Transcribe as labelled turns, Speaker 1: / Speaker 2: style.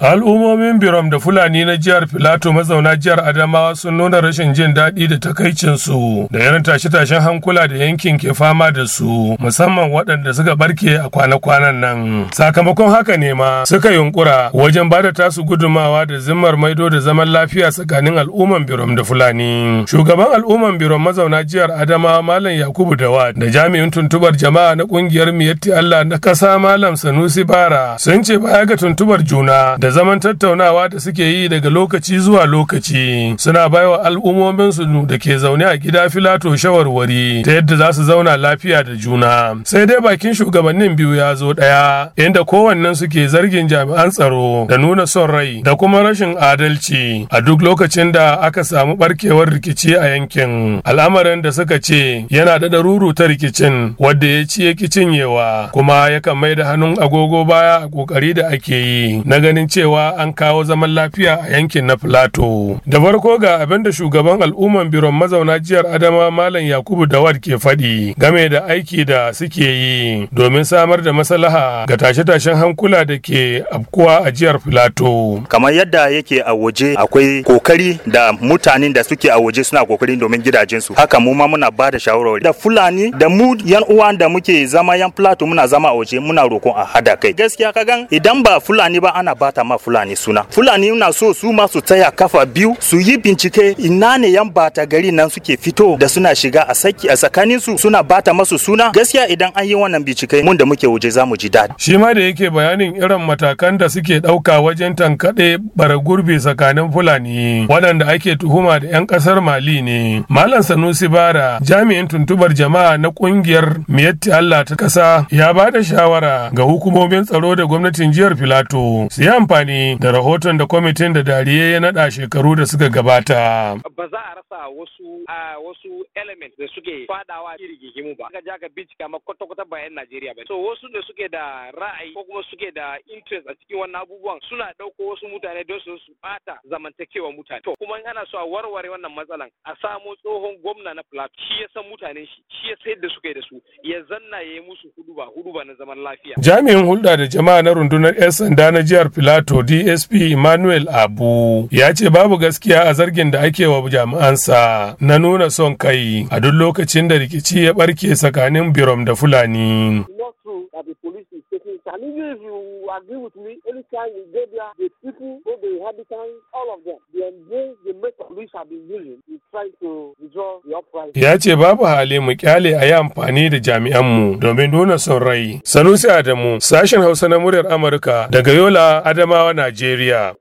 Speaker 1: Al'ummomin Biram da Fulani na jihar Filato mazauna jihar Adamawa sun nuna rashin jin daɗi da takaicinsu da 'yan tashe-tashen hankula da yankin ke fama da su musamman waɗanda suka barke a kwana-kwanan nan. Sakamakon haka ne ma suka yunkura wajen bada tasu gudumawa da zimmar maido da zaman lafiya tsakanin al'umman Biram da Fulani. Shugaban al'umman Biram mazauna jihar Adamawa Malam Yakubu Dawa da jami'in tuntubar jama'a na ƙungiyar Miyatti Allah na ƙasa Malam Sanusi Bara sun ce baya ga tuntubar juna da zaman tattaunawa da suke yi daga lokaci zuwa lokaci suna baiwa al'ummominsu da ke zaune a gida filato shawarwari ta yadda za su zauna lafiya da juna sai dai bakin shugabannin biyu ya zo ɗaya inda kowannen suke zargin jami'an tsaro da nuna son rai da kuma rashin adalci a duk lokacin da aka samu barkewar rikici a yankin al'amarin da suka ce yana da ruru ta rikicin wadda ya ci ya ki cinyewa kuma yakan mai da hannun agogo baya a kokari da ake yi na ganin cewa an kawo zaman lafiya a yankin na Filato. Da farko ga abin da shugaban al'umman biron mazauna jihar Adama Malam Yakubu Dawad ke faɗi game da aiki da suke yi domin samar da maslaha ga tashe-tashen hankula da ke afkuwa a jihar Filato.
Speaker 2: Kamar yadda yake a waje akwai kokari da mutanen da suke a waje suna kokari domin gidajensu. Haka mu ma muna ba da shawarwari. Da Fulani da mu yan uwan da muke zama yan Filato muna zama a waje muna roƙon a hada kai. Gaskiya ka gan idan ba Fulani ba ana bata ma fulani suna fulani na so su ma su taya kafa biyu su yi bincike ina ne yan bata gari nan suke fito da suna shiga a saki a tsakanin su suna bata masu suna gaskiya idan an yi wannan bincike mun da muke waje zamu ji daɗi shi ma
Speaker 1: da yake bayanin irin matakan da suke ɗauka wajen tankaɗe bara gurbi tsakanin fulani waɗanda ake tuhuma da 'yan ƙasar mali ne malam sanusi bara jami'in tuntubar jama'a na ƙungiyar miyatti allah ta ƙasa ya ba da shawara ga hukumomin tsaro da gwamnatin jihar filato su yi amfani amfani da rahoton da kwamitin da dariye ya naɗa shekaru da suka gabata. Ba za a
Speaker 2: rasa wasu wasu element da suke fadawa rigigimu ba. Aka je bincika ma kwata-kwata bayan Najeriya ba. So wasu da suke da ra'ayi ko kuma suke da interest a cikin wannan abubuwan suna ɗauko wasu mutane don su su bata zamantakewa mutane. To kuma ana so a warware wannan matsalan a samo tsohon gwamna na Plateau shi ya san mutanen shi shi ya sayar da suka da su ya zanna ya yi musu
Speaker 1: huduba huduba na zaman lafiya. Jami'in hulɗa da jama'a na rundunar 'yan sanda na jihar Plateau wato DSP Emmanuel Abu ya ce babu gaskiya a zargin da ake wa jami'ansa na nuna son kai a duk lokacin da rikici ya barke tsakanin Birom da Fulani. I mean, if you agree with me, anytime you go there, the people, all the inhabitants, all of them, they embrace the method which I've been using. You try to Ya ce babu hali mu kyale a yi amfani da jami'anmu domin nuna son rai. Sanusi Adamu, sashen Hausa na muryar Amurka daga Yola, Adamawa, Najeriya.